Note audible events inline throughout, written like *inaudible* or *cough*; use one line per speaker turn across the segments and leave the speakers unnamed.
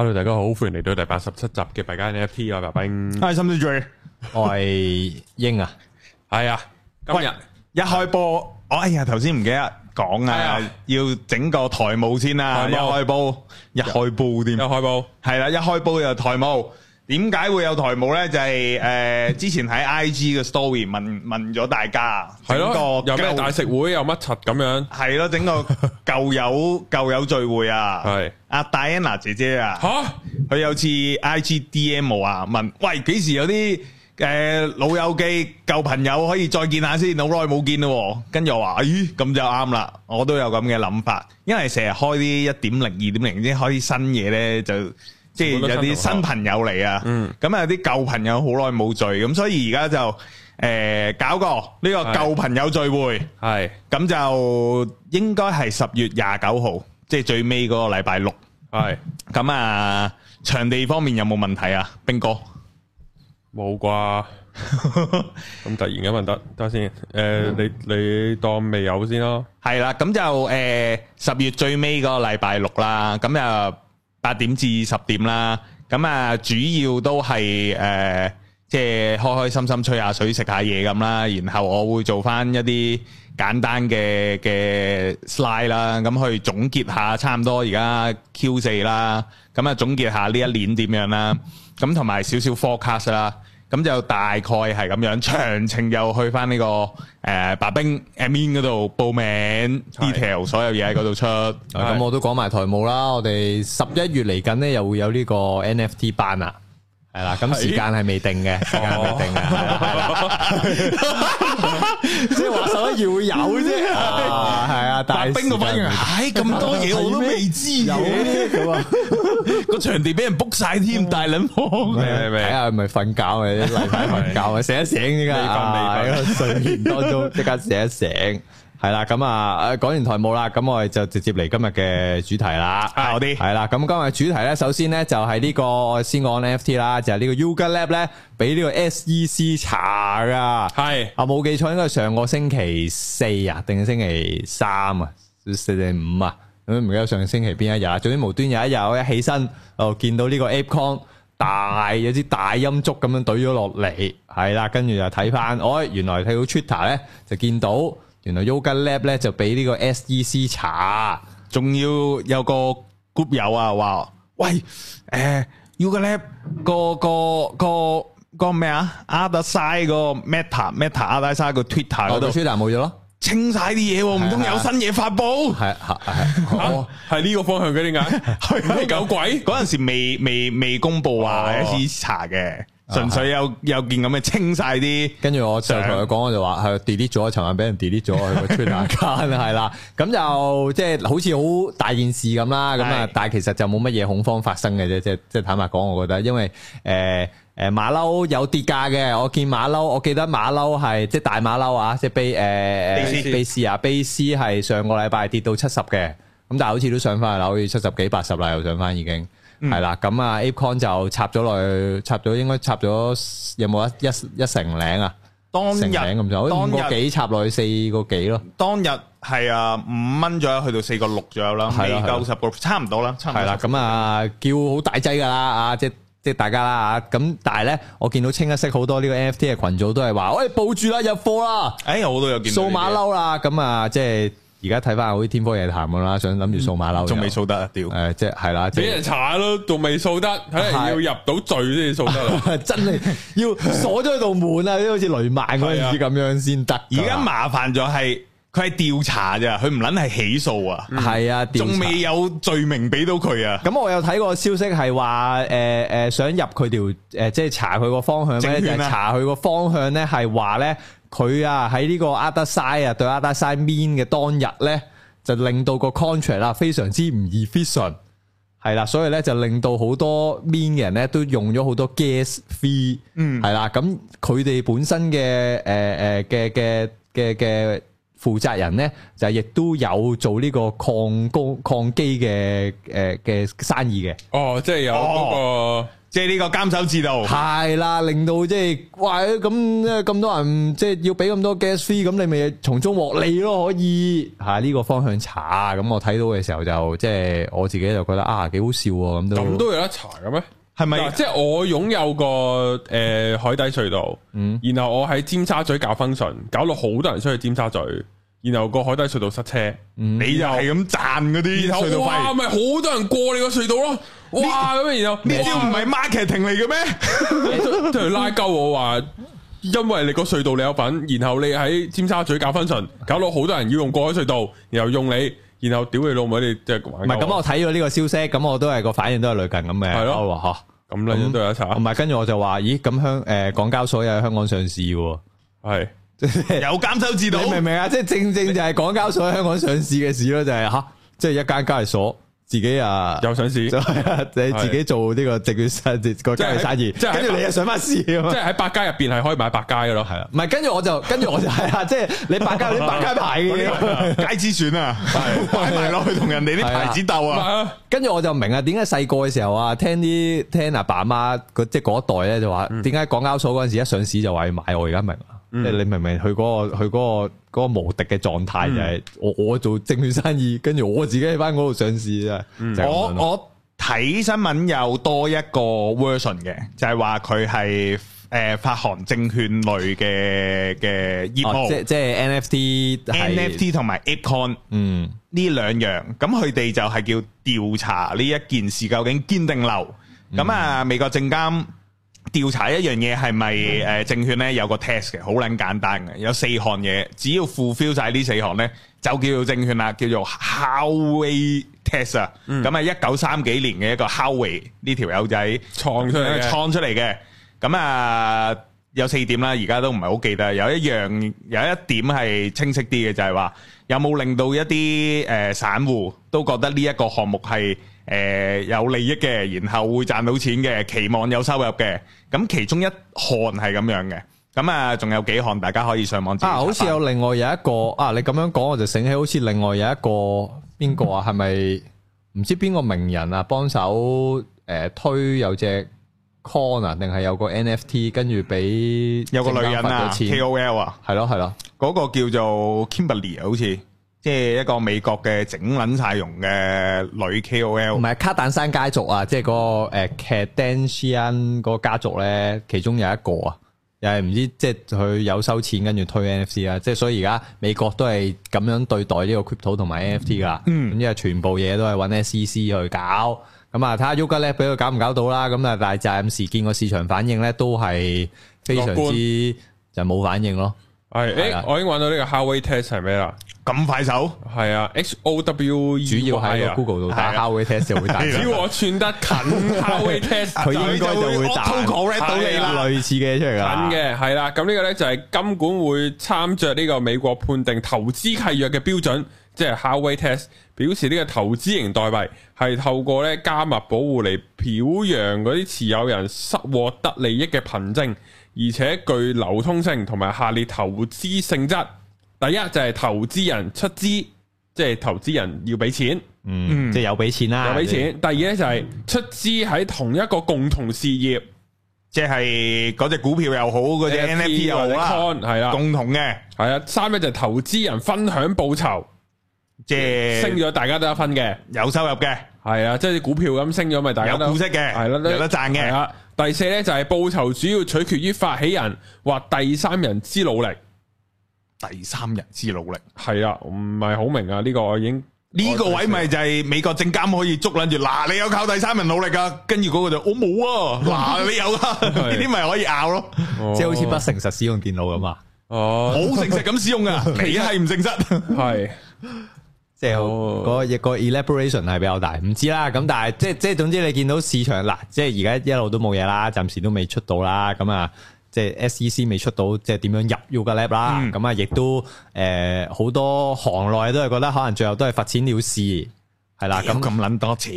hello，大家好，歡迎嚟到第八十七集嘅《幣加 NFT》，我係白兵，我係沈思俊，我係英啊，係啊，今日一開波，
我哎呀，頭先唔記得講啊，要整個台務先啊。一開波，一開波添，一開波，係啦，一開波又台務。點解會有台舞咧？就係誒，之前喺 IG 嘅 story 問問咗大家，係咯，又咩
大食會又乜柒咁樣？係咯，整個舊友舊友聚會啊，
係阿戴安娜姐姐啊，吓佢有次 IG DM 啊，問喂，幾時有啲誒老友記舊朋友可以再見下先，好耐冇見咯，跟住我話，咦，咁就啱啦，我都有咁嘅諗法，因為成日開啲一點零二點零，先開啲新嘢咧就。即係有啲新朋友嚟啊，咁啊有啲舊朋友好耐冇聚，咁所以而家就誒搞個呢個舊朋友聚會，係咁就應該係十月廿九號，即係最尾嗰個禮拜六，係咁啊場地方面有冇問題啊，兵哥
冇啩，咁突然嘅問得，等下先，誒你你當未有先咯，
係啦，咁就誒十月最尾嗰個禮拜六啦，咁啊。八點至十點啦，咁啊主要都係誒，即、呃、係、就是、開開心心吹下水、食下嘢咁啦，然後我會做翻一啲簡單嘅嘅 slide 啦、啊，咁去總結下差唔多而家 Q 四啦、啊，咁啊總結下呢一年點樣啦，咁同埋少少 forecast 啦、啊。咁就大概係咁樣，詳情又去返呢個誒，白兵 admin 嗰度報名 detail，所有嘢喺嗰度出。咁我都講埋台務啦，我
哋十一月嚟緊咧又會有呢個 NFT 班啊，係啦。咁時間係未定嘅，時間未定嘅，
即係話十一月會
有啫，係。大冰嗰份啊！唉，咁多嘢我都未知有。嘅，個場地俾人 book 晒添，大兩房，係係係，唔係瞓
覺啊，啲黎仔瞓覺啊，醒一醒家仲未喺，睡眠當中即刻醒一醒。係啦，咁啊，講完台務啦，咁我哋就直接嚟今日嘅主題啦。好啲，係啦，咁今日主題咧，首先咧就係呢個先講 NFT 啦，就係呢個 Yuga Lab 咧俾呢個 SEC 查噶。係啊，冇記錯，應該係上個星期四啊，定星期三啊，四零五啊，咁唔記得上個星期邊一日啦。總之無端有一日我一起身，哦，見到呢個 AppCon 大有啲大陰燭咁樣懟咗落嚟，係啦，跟住就睇翻，哦，原來睇到 Twitter 咧就見到。原來 Yuga Lab 咧就俾呢個 SEC 查，仲要有個 group
友啊話，喂，誒，Yuga Lab 個個個個咩啊？Other side 個 Meta Meta Other side 個 Twitter 嗰度，Twitter 冇咗咯，清晒啲嘢，唔通有新嘢發佈？
系系系，係呢個方向嘅。點
解？咩狗鬼？嗰陣時未未未公布話開始查嘅。純粹
有又件咁嘅清晒，啲，跟住我就同佢講，我就話係 delete 咗，尋晚俾人 delete 咗，佢個吹下間係啦，咁就即係好似好大件事咁啦，咁啊是，但係其實就冇乜嘢恐慌發生嘅啫，即係即係坦白講，我覺得，因為誒誒馬騮有跌價嘅，我見馬騮，我記得馬騮係即係大馬騮啊，即係背誒誒背斯啊，背斯係上個禮拜跌到七十嘅，咁但係好似都上翻啦，好似七十幾八十啦，又上翻已經。係啦，咁啊，Acon 就插咗落去，插咗應該插咗有冇一一一成零啊？當日成零咁就，哦，個幾插落去四個幾
咯。當日係啊，五蚊左右去到四個六左右啦，未夠十個，差唔多啦，差唔多。係啦，
咁啊，叫好大劑噶啦，即係即係大家啦吓。咁但係咧，我見到清一色好多呢個 NFT 嘅群組都係話，喂，保住啦，入貨啦，誒、欸，我都有見。掃馬騮啦，咁啊，即係。而家睇翻好似天方夜譚咁啦，想諗住掃馬樓，仲未掃得啊屌！誒，即
係啦，俾人查下咯，仲未掃得，肯定要入到罪先掃得，
*laughs* 真係要鎖咗佢度門啊，即係好似雷曼嗰陣時
咁樣先得。而
家麻煩咗係
佢係調查咋，佢唔捻係起訴啊，係啊、嗯，仲未有罪名俾到
佢啊。咁我有睇過消息係話，誒、呃、誒、呃，想入佢條，誒即係查佢個方向咧，查佢個方向咧係話咧。佢啊喺呢個 Otherside 啊對 Otherside mint 嘅當日咧，就令到個 contract 啊非常之唔 efficient，係啦，所以咧就令到好多 mint 嘅人咧都用咗好多 gas fee，嗯，係啦，咁佢哋本身嘅誒誒嘅嘅嘅嘅。呃呃負責人咧就亦都有做呢個礦工礦機嘅誒嘅生意嘅。
哦，即係有嗰、那個，哦、即係呢個監守自盜。
係啦，令到即係哇，咁咁多人即係要俾咁多 gas fee，咁你咪從中獲利咯，可以。係、啊、呢、這個方向查，咁我睇到嘅時候就即係我自己就覺得啊幾好笑喎，咁都咁都有得
查嘅咩？係咪、啊？即係我擁有個誒、呃、海底隧道，嗯、然後我喺尖沙咀搞 function 搞到好多人出去尖沙咀，然後個海底隧道塞車，嗯、你就係咁賺嗰啲隧道費。哇！咪好多人過你個隧道咯？哇！咁這然後呢這哇招唔係 marketing 嚟嘅咩？即 *laughs* 係拉鳩我話，因為你個隧道你有份，然後你喺尖沙咀搞 function 搞到好多人要用過海隧道，然後用你。然後，屌你老母，你即係唔係咁，我睇咗呢
個消息，咁我都係個反應都係類近咁嘅，係咯，我話吓，咁兩都有一齊。唔係，跟住我就話，咦，咁香、誒港交所有喺香港上市喎，係有監收指導，明唔明啊？即係正正就係港交所喺香港上市嘅事咯，就係吓即係一間交易所。自己啊，又上市係啊，你自己做呢個直券個交易生意，即係跟住你又想翻市，即係喺
百佳入邊係可以買百佳嘅咯，係啦，
唔係跟住我就跟住我就係啊，即係你百佳啲百佳牌，
街之選啊，賣賣落去同人哋啲
牌子鬥啊，
跟住我就明啊，點解細個嘅時候啊，聽啲聽阿爸阿媽，即係嗰一代咧就話，點解港交所嗰陣時一上市就話要買，我而家明。即係你明唔明佢嗰個去嗰、嗰個、嗰個無敵嘅
狀態，嗯、就係
我我做證券生意，跟住我
自己喺翻嗰度上市啊、嗯！我我睇新聞又多一個 version 嘅，就係話佢係誒發行證券類嘅嘅業務、哦、即即係 NFT con、嗯、NFT 同埋 ApeCoin，嗯呢兩樣，咁佢哋就係叫調查呢一件事究竟堅定流，咁、嗯、啊美國證監。調查一樣嘢係咪誒證券咧，有個 test 嘅，好撚簡單嘅，有四項嘢，只要 fulfill 曬呢四項咧，就叫做證券啦，叫做 Howey test 啊。咁啊，一九三幾年嘅一個 Howey 呢條友仔創出嚟嘅，創出嚟嘅。咁啊，有四點啦，而家都唔係好記得。有一樣有一點係清晰啲嘅，就係話有冇令到一啲誒散戶都覺得呢一個項目係。誒、呃、有利益嘅，然後會賺到錢嘅，期望有收入嘅，咁其中一項係咁樣嘅，咁啊仲有幾項大家可以上網啊，好似有另外有一個啊，你
咁樣講我就醒起，好似另外有一個邊個啊，係咪唔知邊個名人啊幫手誒、呃、推有隻 coin 啊，定係有個 NFT 跟
住俾有個女人啊 KOL 啊，係咯係咯，嗰個叫做 Kimberly 啊，好似。即係一個美國嘅整捻晒容嘅女 K O L，唔係卡
丹山家族啊！即係、那個誒 Cadenian、呃、嗰個家族咧，其中有一個啊，又係唔知即係佢有收錢跟住推 N F C 啊。即係所以而家美國都係咁樣對待呢個 crypto 同埋 N F T 噶。嗯，咁因為全部嘢都係揾 S E C 去搞。咁啊、嗯，睇下 Yuga 俾佢搞唔搞到啦。咁啊，但係暫時見個市場反應咧，都係非常之觀就冇反應咯。
係誒，我已經揾到呢個 Howey Test 係咩啦？咁快手係啊 h O W 主要喺 Google 度打 Howey test 又會 *noise* 打。只要我串得近 Howey test 佢應該就會打到你類似嘅嘢出嚟噶。近嘅係啦，咁呢個咧就係金管會參着呢個美國判定投資契約嘅標準，即係 Howey test 表示呢個投資型代幣係透過咧加密保護嚟表揚嗰啲持有人失獲得利益嘅憑證，而且具流通性同埋下列投資性、性質。第一就係投資人出資，即係投資人要俾錢，嗯，即係有俾錢啦。有俾錢。第二咧就係出資喺同一個共同事業，即係嗰隻股票又好，嗰隻 NFT 又好啦，係啦，共同嘅，係啊。三咧就係投資人分享報酬，即係升咗，大家都得分嘅，有收入嘅，係啊，即係股票咁升咗，咪大家有股息嘅，係啦，有得賺嘅。第四咧就係報酬主要取決於發起人或第三人之努力。第三人之努力係啊，唔係好明啊呢、這個我已經呢個位咪
就係美國證監可以捉捻住嗱，你有靠第三人努力噶、啊，跟住嗰個就我冇啊，嗱你有啊，呢啲咪可以拗咯，即係 *laughs* 好似不
誠實使用電腦咁啊， *laughs* 哦，哦 *laughs* 好誠實咁使用啊，你係唔誠實，係即係嗰個 elaboration 係比較大，唔知啦，咁但係即係即係總之你見到市場嗱，即係而家一路都冇嘢啦，暫時都未出到啦，咁啊。呃即係 SEC 未出到，即係點樣入 YugaLab 啦？咁啊，亦都誒好多行內都係覺得可能最後都係罰錢了事，係啦。咁咁捻多錢，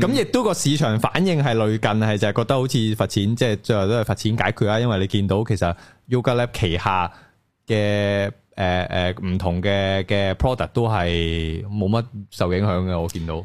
咁亦、 *laughs* 嗯、都個市場反應係累近，係就係、是、覺得好似罰錢，即係最後都係罰錢解決啦。因為你見到其實 YugaLab 旗下嘅誒誒唔
同嘅嘅 product 都係
冇乜受影響嘅，我見到。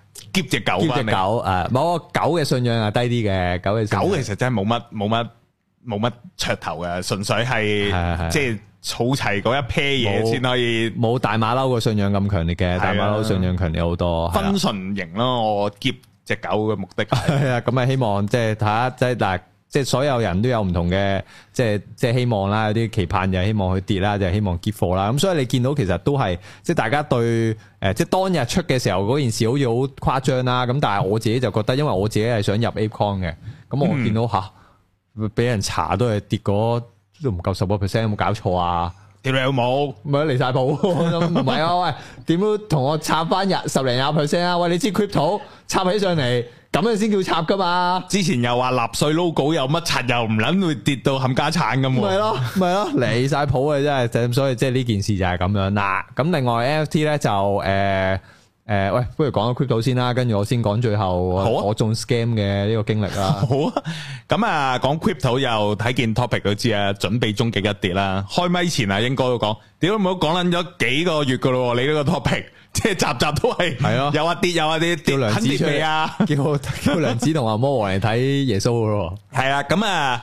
劫隻狗，狗，啊，我狗某狗嘅信仰啊低啲嘅，狗嘅，狗其實真係冇乜冇乜冇乜噱頭嘅，純粹係即係儲齊嗰一批嘢先
可以，冇大馬騮嘅信仰咁強烈嘅，的大馬騮信仰強烈好多，分
純型咯，了我劫隻狗嘅目的
係啊，咁啊 *laughs* 希望即係睇下即係嗱。即係所有人都有唔同嘅，即係即係希望啦，有啲期盼就希望佢跌啦，就係、希望接貨啦。咁所以你見到其實都係，即係大家對誒、呃，即係當日出嘅時候嗰件事好似好誇張啦。咁但係我自己就覺得，因為我自己係想入 ApeCoin 嘅，咁我見到吓，俾、嗯啊、人查都係跌嗰度唔夠十個 percent，有冇搞錯啊？跌有冇？唔係、啊、離晒譜，唔係 *laughs* *laughs* 啊！喂，
點樣同我插翻入十零廿 percent 啊？喂，你知
crypto 插起上嚟？咁樣先叫插噶嘛？
之前又話納粹 logo 又乜插，又唔捻會跌到冚家鏟咁？ *laughs* *laughs* 係、就、
咯、是，係咯，離晒譜啊！真係，咁所以即係呢件事就係咁樣啦。咁另外 NFT 咧就誒。呃誒，喂、呃，不如講個 Crypto 先啦，跟住我先講最後我我中 scam
嘅呢個經歷啊。好啊，咁啊，講 Crypto 又睇見 topic 都知啊，準備終極一跌啦。開咪前啊，鷹哥都講，屌唔好講捻咗幾個月噶咯，你呢個 topic 即係集集都係係啊，有啊，有啊啲，有啊啲，叫梁子未啊？
叫叫梁子同阿魔王嚟睇耶穌咯。
係啊，咁啊。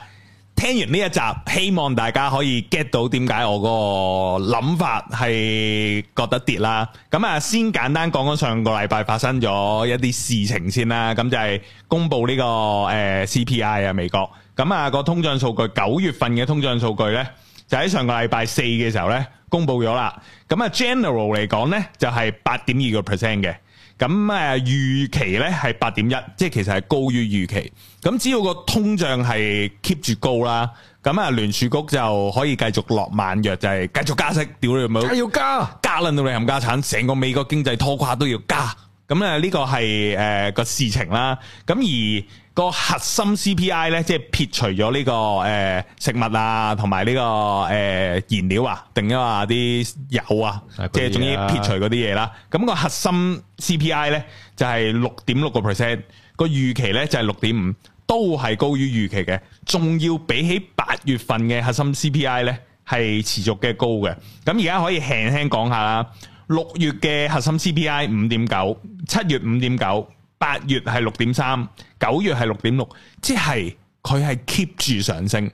聽完呢一集，希望大家可以 get 到點解我嗰個諗法係覺得跌啦。咁啊，先簡單講講上個禮拜發生咗一啲事情先啦。咁就係公布呢、個誒、呃、CPI 啊，美國咁啊、個通脹數據九月份嘅通脹數據呢，就喺上個禮拜四嘅時候呢，公布咗啦。咁啊，general 嚟講呢，就係八點二個 percent 嘅。咁誒、呃、預期咧係八點一，1, 即係其實係高於預期。咁只要個通脹係 keep 住高啦，咁啊聯儲局就可以繼續落猛藥，就係、是、繼續加息。屌你冇，要加加撚到你冚家產，成個美國經濟拖垮都要加。咁咧呢個係誒、呃、個事情啦。咁而。個核心 CPI 咧，即係撇除咗呢、這個誒、呃、食物啊，同埋呢個誒、呃、燃料啊，定咗話啲油啊， *music* 即係仲要撇除嗰啲嘢啦。咁、那個核心 CPI 咧就係六點六個 percent，個預期咧就係六點五，都係高於預期嘅。仲要比起八月份嘅核心 CPI 咧，係持續嘅高嘅。咁而家可以輕輕講下啦，六月嘅核心 CPI 五點九，七月五點九。八月係六點三，九月係六點六，即係佢係 keep 住上升。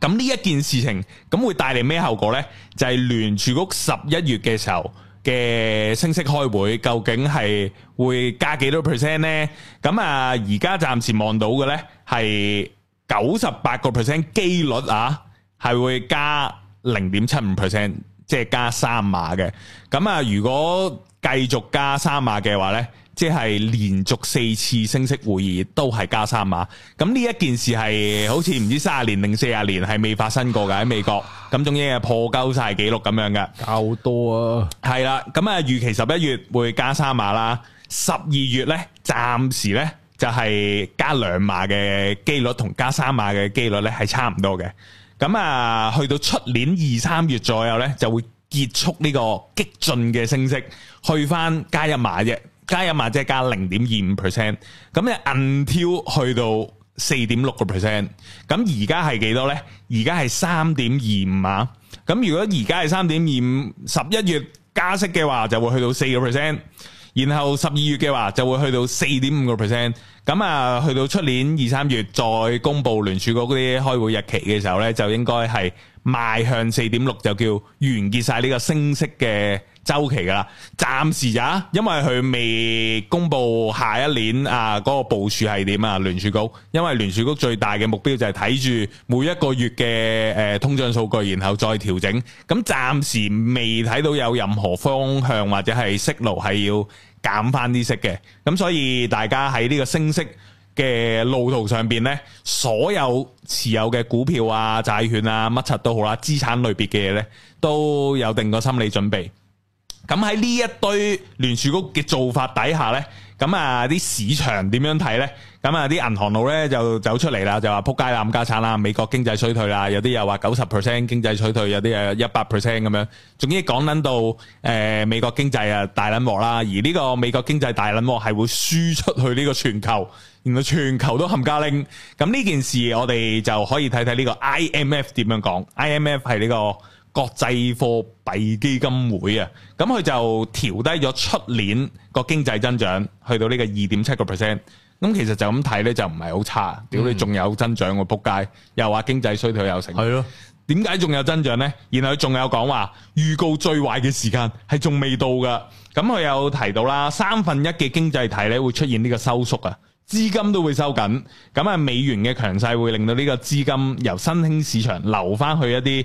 咁呢一件事情，咁會帶嚟咩後果呢？就係聯儲局十一月嘅時候嘅升息開會，究竟係會加幾多 percent 呢？咁啊，而家暫時望到嘅呢係九十八個 percent 機率啊，係會加零點七五 percent，即係加三碼嘅。咁啊，如果繼續加三碼嘅話呢，即係連續四次升息會議都係加三碼，咁呢一件事係好似唔知三十年定四十年係未發生過嘅喺美國，咁總之係破鳩晒記錄咁樣嘅，加好多啊，係啦，咁啊預期十一月會加三碼啦，十二月呢暫時呢就係加兩碼嘅機率同加三碼嘅機率呢係差唔多嘅，咁啊去到出年二三月左右呢就會結束呢個激進嘅升息，去翻加一碼啫。加一碼即係加零點二五 percent，咁就暗跳去到四點六個 percent，咁而家係幾多咧？而家係三點二五啊！咁如果而家係三點二五，十一月加息嘅話就會去到四個 percent，然後十二月嘅話就會去到四點五個 percent，咁啊去到出年二三月再公佈聯儲局啲開會日期嘅時候咧，就應該係邁向四點六就叫完結晒呢個升息嘅周期噶啦，暫時啊，因為佢未公布下一年啊嗰個部署係點啊，聯儲局，因為聯儲局最大嘅目標就係睇住每一個月嘅誒、呃、通脹數據，然後再調整。咁暫時未睇到有任何方向或者係息率係要減翻啲息嘅，咁所以大家喺呢個升息嘅路途上邊呢，所有持有嘅股票啊、債券啊、乜柒都好啦，資產類別嘅嘢呢，都有定個心理準備。咁喺呢一堆聯儲局嘅做法底下呢，咁啊啲市場點樣睇呢？咁啊啲銀行佬呢，就走出嚟啦，就話撲街啦，冚家產啦，美國經濟衰退啦，有啲又話九十 percent 經濟衰退，有啲又一百 percent 咁樣，總之講撚到誒、呃、美國經濟啊大撚鑊啦，而呢個美國經濟大撚鑊係會輸出去呢個全球，原來全球都冚家拎。咁呢件事我哋就可以睇睇呢個 IMF 點樣講，IMF 係呢、呢個。國際貨幣基金會啊，咁佢就調低咗出年個經濟增長，去到呢個二點七個 percent。咁其實就咁睇呢，就唔係好差。屌你仲有增長喎，撲街！又話經濟衰退有成。係咯的，點解仲有增長呢？然後佢仲有講話預告最壞嘅時間係仲未到噶。咁佢有提到啦，三分一嘅經濟體呢，會出現呢個收縮啊，資金都會收緊。咁啊，美元嘅強勢會令到呢個資金由新興市場流翻去一啲。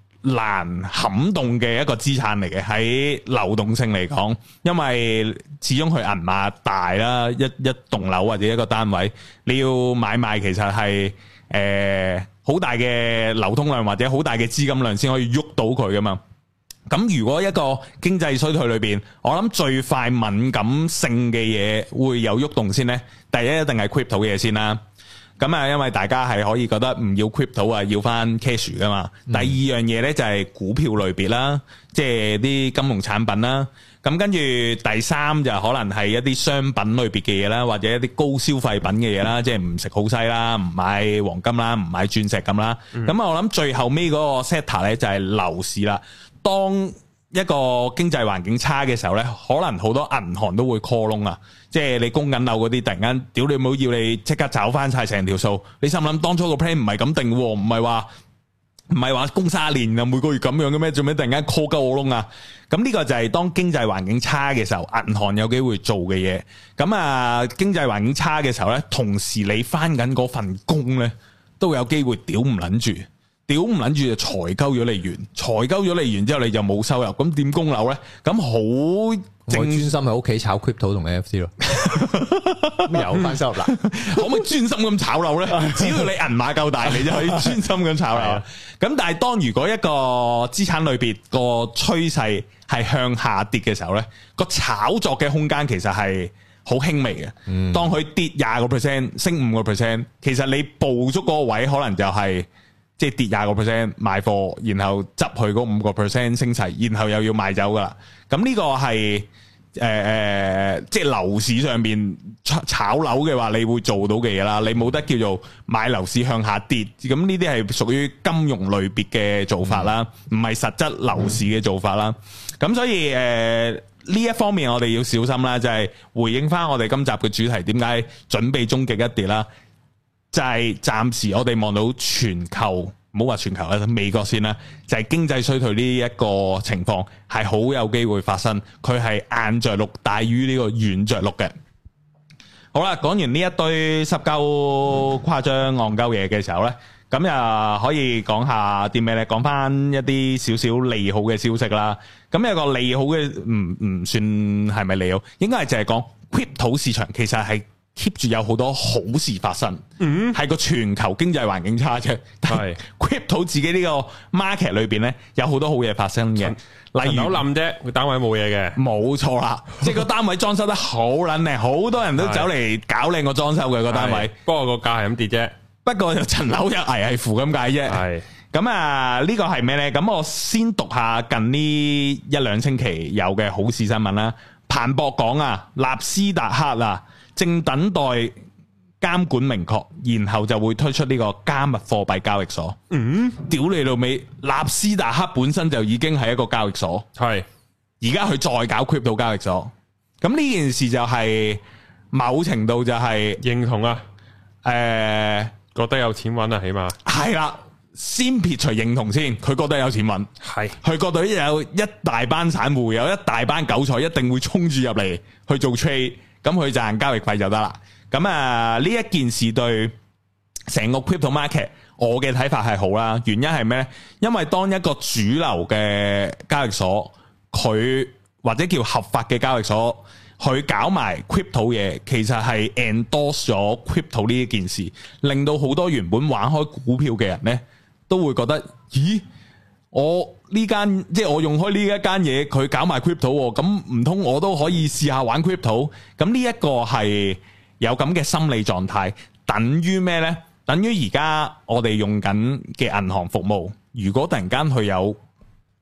難撼動嘅一個資產嚟嘅，喺流動性嚟講，因為始終佢銀碼大啦，一一棟樓或者一個單位，你要買賣其實係誒好大嘅流通量或者好大嘅資金量先可以喐到佢噶嘛。咁如果一個經濟衰退裏邊，我諗最快敏感性嘅嘢會有喐動先呢，第一一定係 crypto 嘅嘢先啦。咁啊，因為大家係可以覺得唔要 crypto 啊，要翻 cash 噶嘛。第二樣嘢咧就係股票類別啦，即係啲金融產品啦。咁跟住第三就可能係一啲商品類別嘅嘢啦，或者一啲高消費品嘅嘢啦，即係唔食好西啦，唔買黃金啦，唔買鑽石咁啦。咁啊，我諗最後尾嗰個 sector 咧就係樓市啦。當一個經濟環境差嘅時候咧，可能好多銀行都會 call 窿啊。即係你供緊樓嗰啲，突然間屌你唔好要你即刻找翻晒成條數，你心諗當初個 plan 唔係咁定喎，唔係話唔係話供三年啊，每個月咁樣嘅咩？做咩突然間 call 鳩我窿啊？咁呢個就係當經濟環境差嘅時候，銀行有機會做嘅嘢。咁啊，經濟環境差嘅時候咧，同時你翻緊嗰份工咧，都有機會屌唔捻住。屌唔捻住就財鳩咗你完，財鳩咗你完之後你就冇收入，咁點供樓咧？咁好，我專心喺屋企炒 Crypto 同 NFT 咯。 *laughs* *laughs* 有翻收入嗱， *laughs* 可唔可以專心咁炒樓咧？只要你銀碼夠大， *laughs* 你就可以專心咁炒樓。咁 *laughs* 是、啊、但係當如果一個資產類別個趨勢係向下跌嘅時候咧，那個炒作嘅空間其實係好輕微嘅。嗯、當佢跌廿個 percent，升五個 percent，其實你捕捉嗰個位可能就係、是。即係跌廿個 percent 賣貨，然後執去嗰五個 percent 升齊，然後又要賣走噶啦。咁、這、呢個係誒誒，即係樓市上邊炒樓嘅話，你會做到嘅嘢啦。你冇得叫做買樓市向下跌，咁呢啲係屬於金融類別嘅做法啦，唔係實質樓市嘅做法啦。咁、嗯、所以誒呢一方面，我哋要小心啦。就係、是、回應翻我哋今集嘅主題，點解準備終極一跌啦？就係暫時我哋望到全球，唔好話全球啦，美國先啦，就係、是、經濟衰退呢一個情況係好有機會發生，佢係硬着陸大於呢個軟着陸嘅。好啦，講完呢一堆濕鳩誇張、戇鳩嘢嘅時候呢，咁啊可以講下啲咩咧？講翻一啲少少利好嘅消息啦。咁有個利好嘅，唔、嗯、唔、嗯、算係咪利好？應該係就係講 Crypto 市場，其實係。keep 住有好多好事發生，喺個全球經濟環境差啫，但係 crypto 到自己呢個 market 裏邊咧，有好多好嘢發生嘅。例如樓冧啫，單位冇嘢嘅，冇錯啦。即係個單位裝修得好撚靚，好多人都走嚟搞靚個裝修嘅個單位。不過個價係咁跌啫，不過層樓又危係扶咁解啫。係咁啊，呢個係咩咧？咁我先讀下近呢一兩星期有嘅好事新聞啦。彭博講啊，納斯達克啊。正等待監管明確，然後就會推出呢個加密貨幣交易所。嗯，屌你老味，納斯達克本身就已經係一個交易所，係而家佢再搞 Crypto 交易所，咁呢件事就係某程度就係、是、認同啊。誒、
呃，覺得有錢
揾啊，起碼係啦。先撇除認同先，佢覺得有錢揾，係佢是覺得有一大班散戶，有一大班韭菜，一定會衝住入嚟去做 trade。咁佢賺交易費就得啦。咁啊呢一件事對成個 crypto market，我嘅睇法係好啦。原因係咩咧？因為當一個主流嘅交易所，佢或者叫合法嘅交易所，佢搞埋 crypto 嘢，其實係 endorse 咗 crypto 呢一件事，令到好多原本玩開股票嘅人呢，都會覺得，咦，我。呢間即係我用開呢一間嘢，佢搞埋 crypto，咁唔通我都可以試下玩 crypto。咁呢一個係有咁嘅心理狀態，等於咩呢？等於而家我哋用緊嘅銀行服務，如果突然間佢有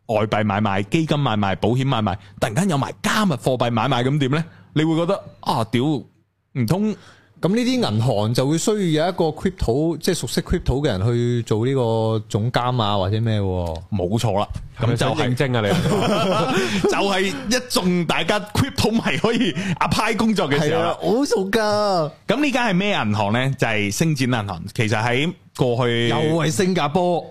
外幣買賣、基金買賣、保險買賣，突然間有埋加密貨幣買賣咁點呢？你會覺得啊、哦，屌，唔通？咁呢啲銀行就會需要有
一個 crypto，即係熟悉 crypto 嘅人去做呢個總監啊或者咩？
冇錯啦，咁就應徵啊你，就係一眾大家 crypto 迷可以 apply 工作嘅時候，好熟噶。咁呢間係咩銀行咧？就係星展銀行。其實喺過去又係新加坡，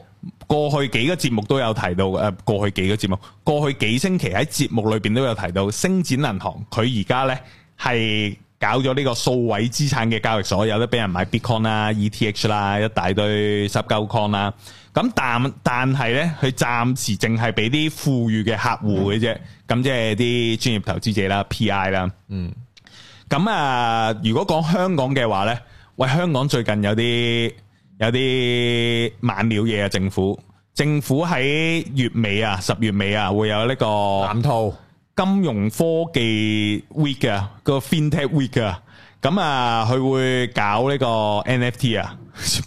過去幾個節目都有提到嘅。過去幾個節目，過去幾星期喺節目裏邊都有提到星展銀行。佢而家咧係。搞咗呢個數位資產嘅交易所，有得俾人買 bitcoin 啦、ETH 啦，一大堆 shitcoin 啦。咁但但係咧，佢暫時淨係俾啲富裕嘅客戶嘅啫。咁、嗯、即係啲專業投資者啦、PI 啦。嗯。咁啊，如果講香港嘅話呢，喂，香港最近有啲有啲猛料嘢啊！政府政府喺月尾啊、十月尾啊，會有呢、這個藍圖。金融科技 week 啊，個 FinTech week 啊，咁啊佢會搞呢個 NFT 啊，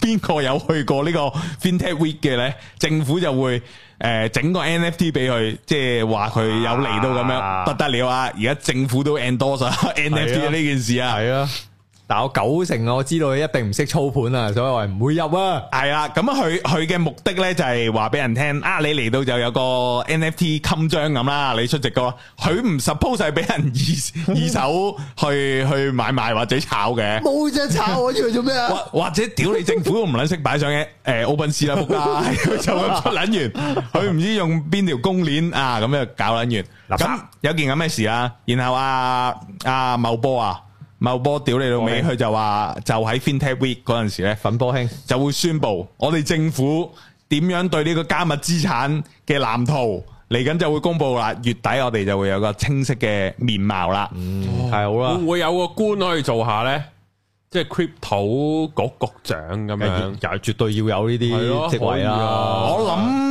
邊個有去過呢個 FinTech week 嘅咧？政府就會誒整個 NFT 俾佢，即係話佢有嚟到咁樣不得了啊！而家政府都 endorse NFT 呢件事啊，係啊。打九成，我知道佢一定唔識操盤啊，所以我係唔會入啊。係啊，咁佢佢嘅目的咧就係話俾人聽啊，你嚟到就有個 NFT 襟章咁啦，你出席過，佢唔 suppose 係俾人二二手去去買賣或者炒嘅。冇啫，炒我以為，做咩啊？或者屌你政府都唔捻識擺上嘅，誒，open 市啦，仆街，佢就出捻完，佢唔知用邊條公鏈啊，咁樣搞捻完。咁有件咁嘅事啊，然後啊啊茂波啊。茂波屌你老味，佢 *noise* 就話就喺 FinTech Week 嗰陣時咧，粉波兄就會宣布我哋政府點樣對呢個加密資產嘅藍圖，嚟緊就會公布啦，月底我哋就會有個清晰嘅面貌
啦，太、嗯哦、好啦！會唔會有個官可以做下咧？即係 Crypto 局局長咁樣，又絕對要有呢啲職位啊！啊我諗。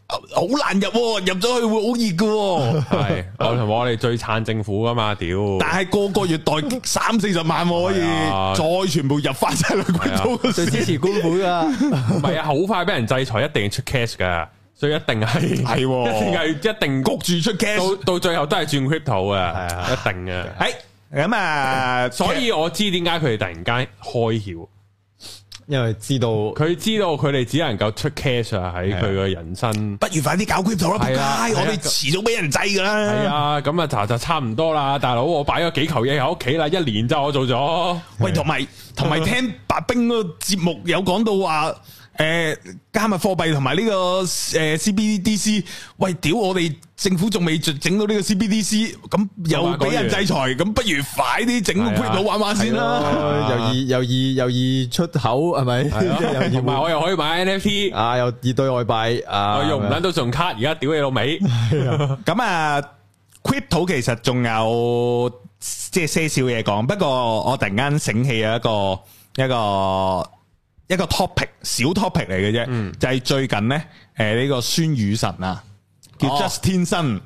好難入，入咗去會好熱噶。係
我同我哋最撐政府噶嘛，屌！但
係個個月代三四十萬可以，再全部入翻晒去鬼佬，最支持官府噶。
唔係啊，好快俾人制裁，一定要出 cash 噶，所以一定係係，一定係一定焗住出 cash，到到最後都係轉 crypto 啊，係啊，一定啊。誒，咁啊，所以我知點解佢哋突然間開竅。因為知道佢知道佢哋只能夠出 cash 喺佢嘅人生，不如快啲搞
crypto 啦！我哋遲早俾人制噶啦。
係啊，咁啊就就差唔多啦，大佬，我擺咗幾球嘢喺屋企啦，一年就我做咗。對啊、喂，同埋同埋聽白兵
嗰個節目有講到話。誒，加密貨幣同埋呢個誒 C B D C，喂，屌我哋政府仲未整到呢個 C B D C，咁又俾人制裁，咁不如快啲整個
Crypto 玩玩先啦。又易又易又易出口係咪？
同埋我又可
以買 N F T，又易對外幣。我用唔到信用卡，而家屌你老味。
咁啊，Crypto 其實仲有即係些少嘢講，不過我突然間醒起有一個一個。一個 topic 小 topic 嚟嘅啫，嗯、就係最近呢，誒、呃、呢、這個孫宇晨啊，叫 Justin，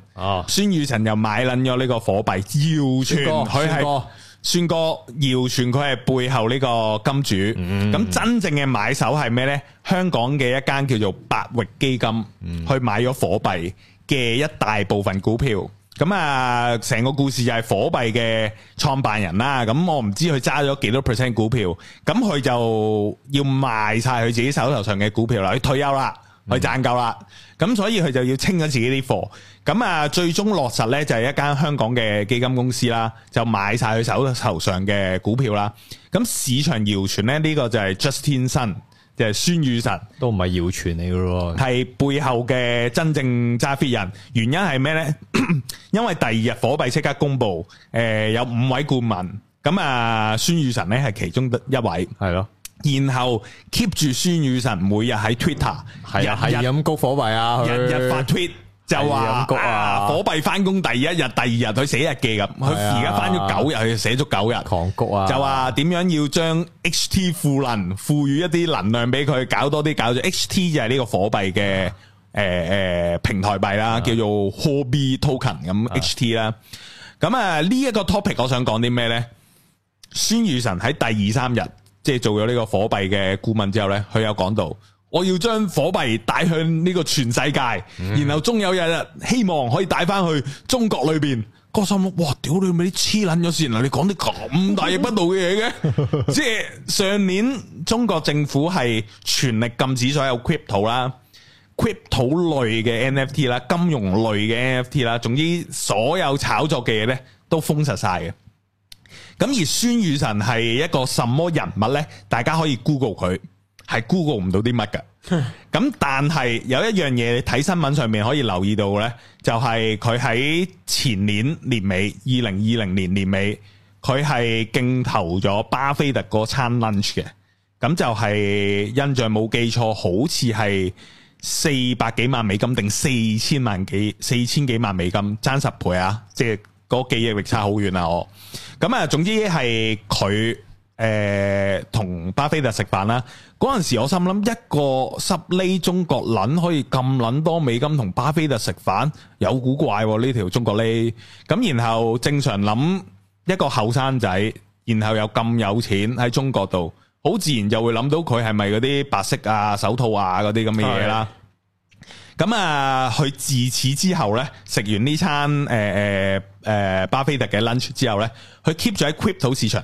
孫宇晨又買撚咗呢個火幣，謠傳佢係孫哥，謠傳佢係背後呢個金主，咁、嗯、真正嘅買手係咩呢？香港嘅一間叫做百域基金，嗯、去買咗火幣嘅一大部分股票。咁啊，成個故事就係火幣嘅創辦人啦。咁我唔知佢揸咗幾多 percent 股票，咁佢就要賣晒佢自己手頭上嘅股票啦。佢退休啦，佢賺夠啦，咁所以佢就要清咗自己啲貨。咁啊，最終落實呢就係一間香港嘅基金公司啦，就買晒佢手頭上嘅股票啦。咁市場謠傳呢，呢個就係 Justin Sun。就係孫宇晨都唔係謠傳嚟噶咯，係背後嘅真正揸 fit 人，原因係咩咧？因為第二日火幣即刻公布，誒、呃、有五位顧問，咁啊孫宇晨咧係其中一位，係咯的，然後 keep 住孫宇晨每的日喺 Twitter，係啊係咁高火幣啊，日，日日發 tweet。就話啊，火幣翻工第一日、第二日，佢寫日記咁，佢而家翻咗九日，佢寫咗九日。狂谷啊！啊就話點樣要將 H T 賦能，賦予一啲能量俾佢，搞多啲搞咗 H T 就係呢個火幣嘅誒誒平台幣啦，叫做 Huobi Token 咁 H T 啦、呃。咁啊呢一個 topic 我想講啲咩咧？孫宇晨喺第二三日即係、就是、做咗呢個火幣嘅顧問之後咧，佢有講到。我要將火幣帶向呢個全世界，然後終有日啦，希望可以帶翻去中國裏邊。個心諗，哇！屌你咪啲黐捻咗線啦！你講啲咁大逆不道嘅嘢嘅，即係上年中國政府係全力禁止所有 crypto 啦、crypto 類嘅 NFT 啦、金融類嘅 NFT 啦，總之所有炒作嘅嘢咧都封實晒嘅。咁而孫宇辰係一個什麼人物咧？大家可以 Google 佢。係 Google 唔到啲乜嘅。咁、嗯、但係有一樣嘢，你睇新聞上面可以留意到呢，就係佢喺前年年尾，二零二零年年尾，佢係競投咗巴菲特嗰餐 lunch 嘅，咁就係、是、印象冇記錯，好似係四百幾萬美金定四千萬幾四千幾萬美金，爭十倍啊！即係記憶力，那個、差好遠啊！我咁啊，總之係佢。誒，同、呃、巴菲特食飯啦！嗰陣時我心諗，一個濕屌中國撚可以咁撚多美金同巴菲特食飯，有古怪喎，呢條中國屌！咁然後正常諗一個後生仔，然後又咁有錢喺中國度，好自然就會諗到佢係咪嗰啲白色啊手套啊嗰啲咁嘅嘢啦。咁的啊，佢自此之後呢，食完呢餐誒誒、呃呃、巴菲特嘅 lunch 之後呢，佢 keep 咗喺 crypto 市場。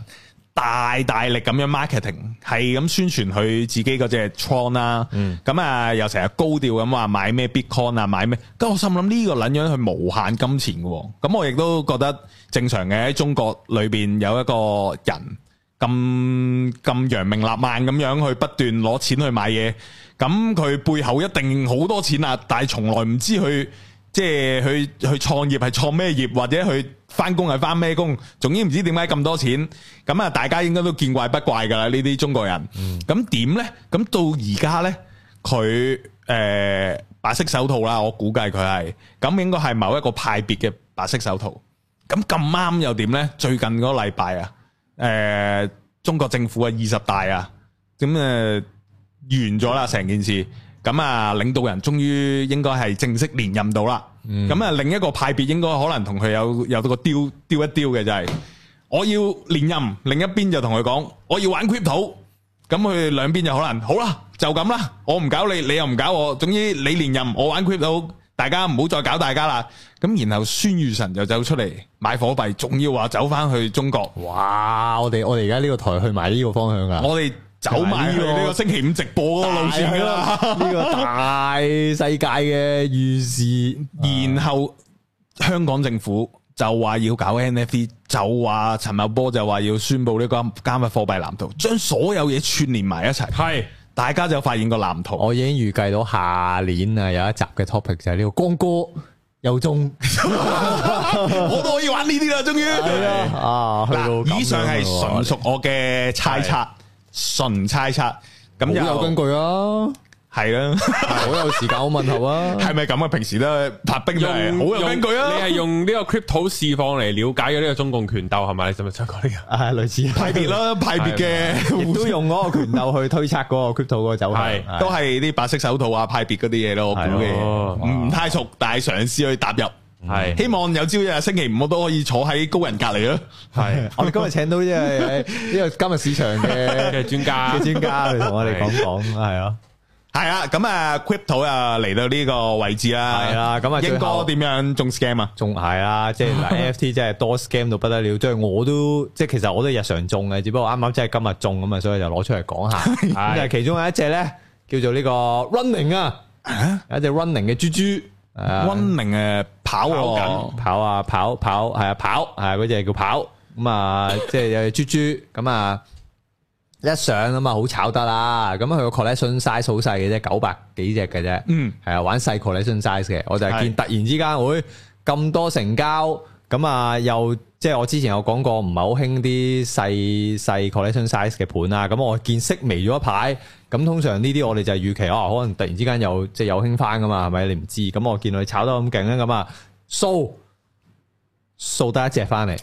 大大力咁樣 marketing，係咁宣傳佢自己嗰隻 tron 啦、嗯，咁啊又成日高調咁話買咩 bitcoin 啊，買咩，咁我心諗呢個捻樣去無限金錢噶，咁我亦都覺得正常嘅。喺中國裏邊有一個人咁咁揚名立萬咁樣去不斷攞錢去買嘢，咁佢背後一定好多錢啊，但係從來唔知佢即係去去創業係創咩業或者去。翻工係翻咩工？總之唔知點解咁多錢，咁啊大家應該都見怪不怪噶啦，呢啲中國人。咁點呢？咁到而家呢，佢誒白色手套啦，我估計佢係咁應該係某一個派別嘅白色手套。咁咁啱又點呢？最近嗰個禮拜啊，誒中國政府嘅二十大啊，咁誒完咗啦成件事。咁啊領導人終於應該係正式連任到啦。咁啊，嗯、另一個派別應該可能同佢有有個 deal deal 一 deal 嘅就係、是，我要連任。另一邊就同佢講我要玩 crypto，咁佢兩邊就可能好啦，就咁啦，我唔搞你，你又唔搞我，總之你連任我玩 crypto，大家唔好再搞大家啦。咁然後孫宇晨就出走出嚟買火幣，仲要話走翻去中國。
哇！我哋我哋而家呢個台去埋呢個方向啊！我哋。走埋呢個星
期五直播嗰個路線噶啦，呢 *laughs* 個大世界嘅於是，然後香港政府就話要搞 NFT，就話陳茂波就話要宣布呢個加密貨幣藍圖，將所有嘢串聯埋一齊。係是，大家就發現個藍圖。我已經預計到下年啊，有一集嘅 topic 就係呢，這個光哥有中。 *laughs* *laughs* 我都可以玩呢啲啦。終於，啊，以上係純屬，屬我嘅猜測。純猜測，咁有根據啊？係啦，好有時間好問候啊？係咪咁啊？平時咧
拍冰都好有根據啊？你係用呢個 crypto 視放嚟了解嘅呢個中共拳鬥係咪？你係咪出講呢個？啊，類似派別咯，派別嘅
都用嗰個拳鬥去推測嗰個 crypto 個走勢，係都
係啲白色手套啊，派別嗰啲嘢咯，我估嘅，唔太熟，但係嘗試去踏入。係，希望有朝一日星期五我都可以坐喺高人隔籬咯。係，我哋今日請到即係呢個今日市場嘅嘅專家，嘅專家同我哋講講，係啊，係啊，咁啊，crypto 啊嚟到呢個位置啦，係啦，咁啊，應該點樣中 scam 啊？中係啊，即係 NFT 真係多 scam 到不得了，即係我
都即係其實我都日常中嘅，只不過啱啱即係今日中咁啊，所以就攞出嚟講下，就係其中有一隻咧叫做呢個 running 啊，有一隻 running 嘅豬豬。溫、嗯、明誒跑緊跑，的跑，跑，跑啊跑跑係啊跑係嗰隻叫跑咁、嗯、啊即係、就是、有隻豬豬咁、嗯、啊一上啊嘛好炒得啦咁佢、嗯啊、個 collection size 好細嘅啫九百幾隻嘅啫嗯係啊玩細 collection size 嘅我就係見突然之間會咁多成交咁、嗯、啊又。即係我之前有講過，唔係好興啲細細 collection size 嘅盤啊。咁我見息微咗一排。咁通常呢啲我哋就係預期哦、啊，可能突然之間又即係又興翻噶嘛，係咪？你唔知。咁我見到你炒得咁勁咧，咁啊 so 掃得一隻翻嚟，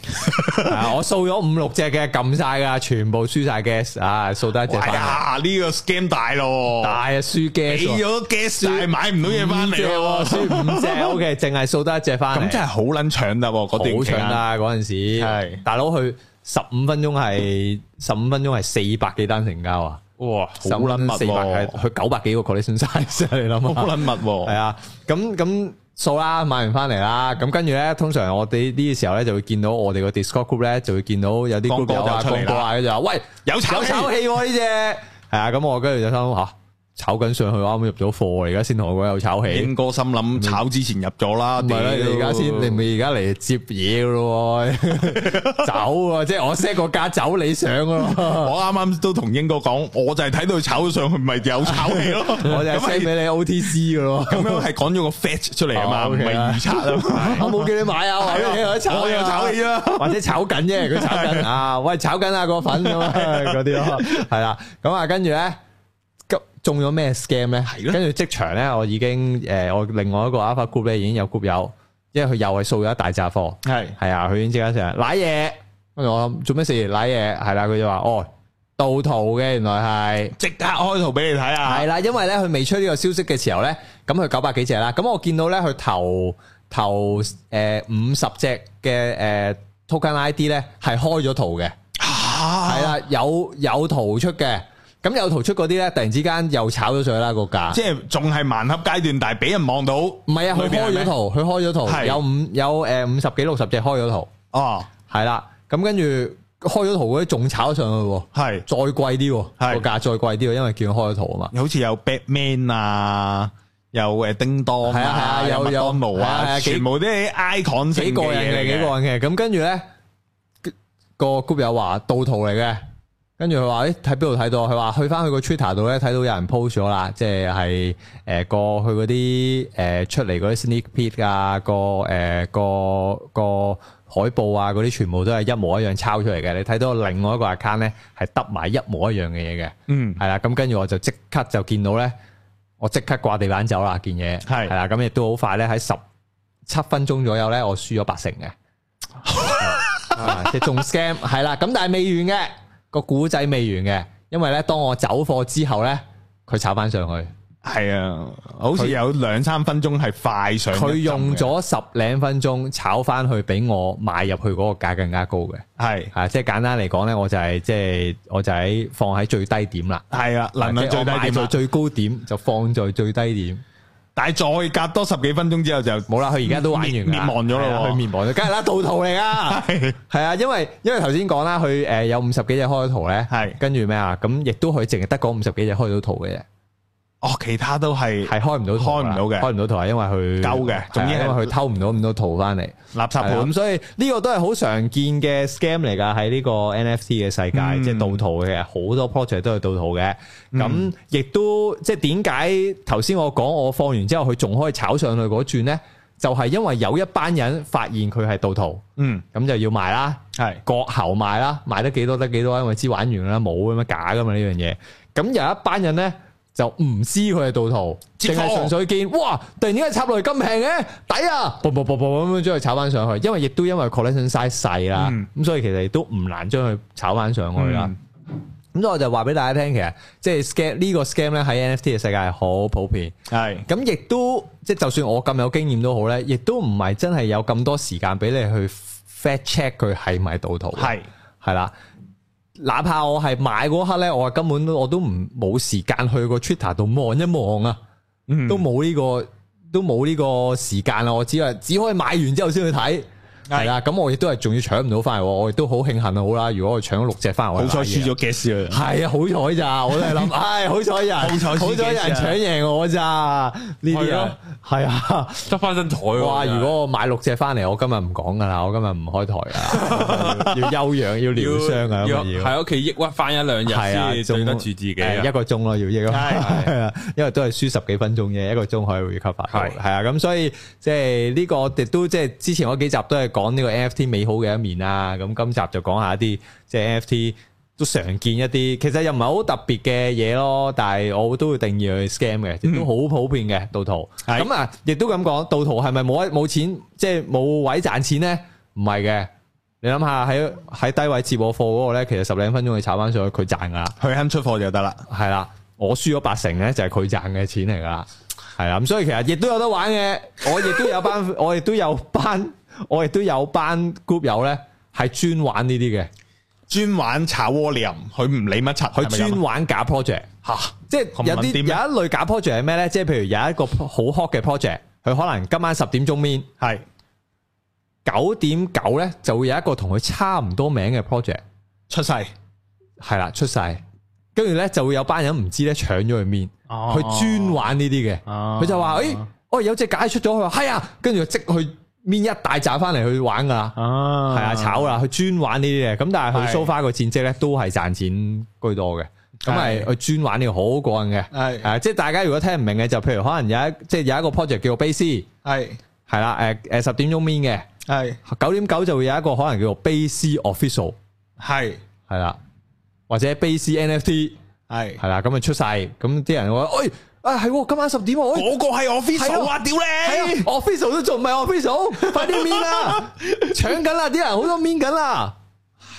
我掃咗五六隻嘅，撳晒噶，全部輸晒嘅，啊，掃得一隻翻嚟。哇，
呢個 gas 大咯，
買輸 gas，你咗
gas 輸，就係買唔到嘢翻嚟咯，輸五隻。
O K，淨係掃得一隻翻嚟，咁真係好捻搶啦，嗰段期啊，嗰陣時係大佬去十五分鐘係十五分鐘係四百幾單成交啊，哇，好捻密，去九百幾個 collection size，你諗下，好捻密，係啊，咁咁。數啦，買完翻嚟啦，咁跟住咧，通常我哋呢啲時候咧就會見到我哋個 Discord group 咧就會見到有啲哥哥喂啊、哥哥 *laughs* 啊，就
話，喂，有炒有炒氣喎呢隻，
係啊，咁我跟住就收吓。炒緊上去，啱啱入咗貨，而家先同我講有炒起。英哥
心諗炒
之前入咗啦，唔係啦你而家先，你咪而家嚟接嘢咯， *laughs* *laughs* 走，
啊，即係我 set 個價走你上咯。 *laughs* 我啱啱都同英哥講，我就係睇到佢炒上去，咪、就是、有炒起咯。 *laughs* 我就 set 俾你 O T C 嘅咯。咁 *laughs* 樣係講咗個 fetch 出嚟啊嘛，唔係預測啊嘛。 *laughs* 我冇
叫你買啊，或者有炒，起啦，
或者炒緊啫，佢
炒緊啊， *laughs* *laughs* 啊，喂，炒緊啊個粉咁啊，嗰啲咯，係啦、啊，咁 *laughs* *laughs* *laughs* 啊，跟住咧。中咗咩 scam 咧？係咯，跟住職場咧，我已經誒，我另外一個 Alpha Group 咧已經有 group 友，因為佢又係掃咗一大扎貨，係係啊，佢已經即刻成日瀨嘢。跟住我諗做咩事？瀨嘢，係啦，佢就話哦，盜圖嘅，原來係即刻開圖俾你睇啊！係啦，因為咧佢未出呢個消息嘅時候咧，咁佢九百幾隻啦。咁我見到咧佢頭頭誒五十隻嘅誒 token ID 咧係開咗圖嘅，
係啦，
有有圖出嘅。咁有圖出嗰啲咧，突然之間又炒咗上去啦個價，即係
仲係盲盒階段，但係俾人望到。
唔係啊，佢開
咗圖，
佢開咗圖，有
五有誒五十幾六十隻開咗圖。啊，係啦，咁跟住開咗圖嗰啲仲炒上去喎，係再貴啲喎，個價再貴啲喎，因為叫開
圖嘛。好似有 Batman 啊，有誒叮當，係啊，有麥當勞啊，全部啲 icon 性嘅嘢嘅。幾個人嘅幾個人嘅，咁跟住咧
個 group 友話盜圖嚟嘅。跟住佢話，誒，喺邊度睇到？佢話去翻去個 Twitter 度咧，睇到有人 post 咗啦，即係誒過去嗰啲誒出嚟嗰啲 sneak peek 啊，個誒個個海報啊，嗰啲全部都係一模一樣抄出嚟嘅。你睇到另外一個 account 咧，係得埋一模一樣嘅嘢嘅。嗯，係啦，咁跟住我就即刻就見到咧，我即刻掛地板走啦件嘢。係，係啦，咁亦都好快咧，喺十七分鐘左右咧，我輸咗八成嘅。即係仲 scam，係啦，咁但係未完嘅。個古仔未完嘅，因為咧，當我走貨之後咧，佢炒翻上去，係啊，好
似有兩三分鐘係快
上，佢用咗十零分鐘炒翻去俾我買入去嗰個價更加高嘅，係啊，啊，即係簡單嚟講咧，我就係即係，我就喺放喺最低點啦，係啊，能量最低點，最高點就放在最低點。但係再隔多十幾分鐘之後就冇啦，佢而家都玩完啦，滅亡咗咯，佢滅、啊、亡咗，梗係啦，套圖嚟噶，係啊，因為因為頭先講啦，佢誒有五十幾隻開咗圖咧，係 *laughs* 跟住咩啊？咁亦都佢淨係得嗰五十幾隻開咗圖嘅啫。哦，其他都係係開唔到，開唔到嘅，開唔到圖，因為佢偷嘅，總之因為佢偷唔到咁多圖翻嚟，垃圾盤。咁所以呢個都係好常見嘅 scam 嚟噶，喺呢個 NFT 嘅世界，即係盜圖嘅，好多 project 都係盜圖嘅。咁亦都即係點解頭先我講我放完之後佢仲可以炒上去嗰轉咧？就係因為有一班人發現佢係盜圖，嗯，咁就要賣啦，係割喉賣啦，賣得幾多得幾多，因為知玩完啦，冇咁樣假噶嘛呢樣嘢。咁有一班人咧，就唔知佢係盜圖，淨係純粹見哇 row、啊！突然間插落嚟咁平嘅，抵啊！啵啵啵啵咁樣將佢炒翻上去，因為亦都因為 collection size 細啦、嗯，咁所以其實亦都唔難將佢炒翻上去啦。咁所以我就話俾大家聽，其實即係 scam 呢個 scam 咧喺 NFT 嘅世界係好普遍是，係咁亦都即係就算我咁有經驗都好咧，亦都唔係真係有咁多時間俾你去 fact check 佢係咪係盜圖，係係啦。哪怕我係買嗰刻咧，我根本我都唔冇時間去個 Twitter 度望一望啊、嗯，這個，都冇呢個都冇呢個時間啊！我只係只可以買完之後先去睇，係啦是。咁、啊、我亦都係仲要搶唔到翻嚟，我亦都好慶幸啊！好啦，如果我搶咗六隻翻嚟，我好彩輸咗 gas 啊！係啊，好
彩咋我都係諗，唉，好彩人，好彩有人搶贏
我咋呢啲啊！係啊，
得翻身
台哇！如果我買六隻翻嚟，我今日唔講噶啦，我今日唔開台啊， *laughs* 要休養，要療傷啊，喺屋
企抑鬱翻一兩日先對得住自己，嗯嗯、一個
鐘咯要抑鬱，係是啊，因為都係輸十幾分鐘啫，一個鐘可以恢復翻。係是啊，咁所以即係呢個亦都即係之前我幾集都係講呢個 NFT 美好嘅一面啊，咁今集就講下啲即係 NFT。都常見一啲，其實又唔係好特別嘅嘢咯。但係我都會定義佢 scam 嘅，亦都好普遍嘅盜圖。咁啊，亦都咁講，盜圖係咪冇一冇錢，即係冇位賺錢呢？唔係嘅，你諗下喺喺低位接我貨貨嗰、嗰個呢，其實十零分鐘去炒翻上去，佢賺噶，佢肯出貨就得啦。係啦，我輸咗八成呢，就係佢賺嘅錢嚟噶。係啦，咁所以其實亦都有得玩嘅。我亦都有， *laughs* 有班，我亦都有班，我亦都有班 group 友呢，係專玩呢啲嘅。專玩炒 Volume，佢唔理乜柒，佢專玩假 project 吓，哈即係有啲有一類假 project 係咩咧？即係譬如有一個好 hot 嘅 project，佢可能今晚十點鐘 mint，係九點九咧就會有一個同佢差唔多名嘅 project 出世，係啦出世，跟住咧就會有班人唔知咧搶咗去 mint，佢專、哦、玩呢啲嘅，佢、哦、就話誒，哦、欸、有隻假出咗，佢話係啊，跟住即去。搣一大扎翻嚟去玩噶，係啊炒啦，去專玩呢啲嘢。咁但係去 so far 個戰績咧都係賺錢居多嘅。咁係去專玩呢個好過癮嘅。係是、啊，即係大家如果聽唔明嘅，就譬如可能有一即係有一個 project 叫做 Base，係係是啦，誒誒十點鐘搣嘅，係九點九就會有一個可能叫做 Base Official，係係是啦，或者 Base NFT，係係是啦，咁就出晒，咁啲人話，哎、
欸。啊，係今晚十點，我個係我 facial，哇屌咧，我 facial
都做唔係我 facial，快啲面啦，搶緊啦，啲人好多面緊啦，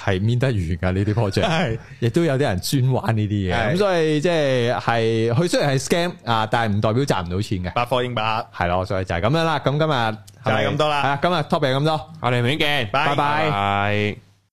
係面得完噶呢啲 project，係，亦都有啲人專玩呢啲嘢，咁所以即係係，佢雖然係 scam 啊，但係唔代表賺唔到錢嘅，百貨應百，係咯，所以就係咁樣啦，咁今日就係咁多啦，係啦，今日 topic 咁多，我哋明天見，拜拜。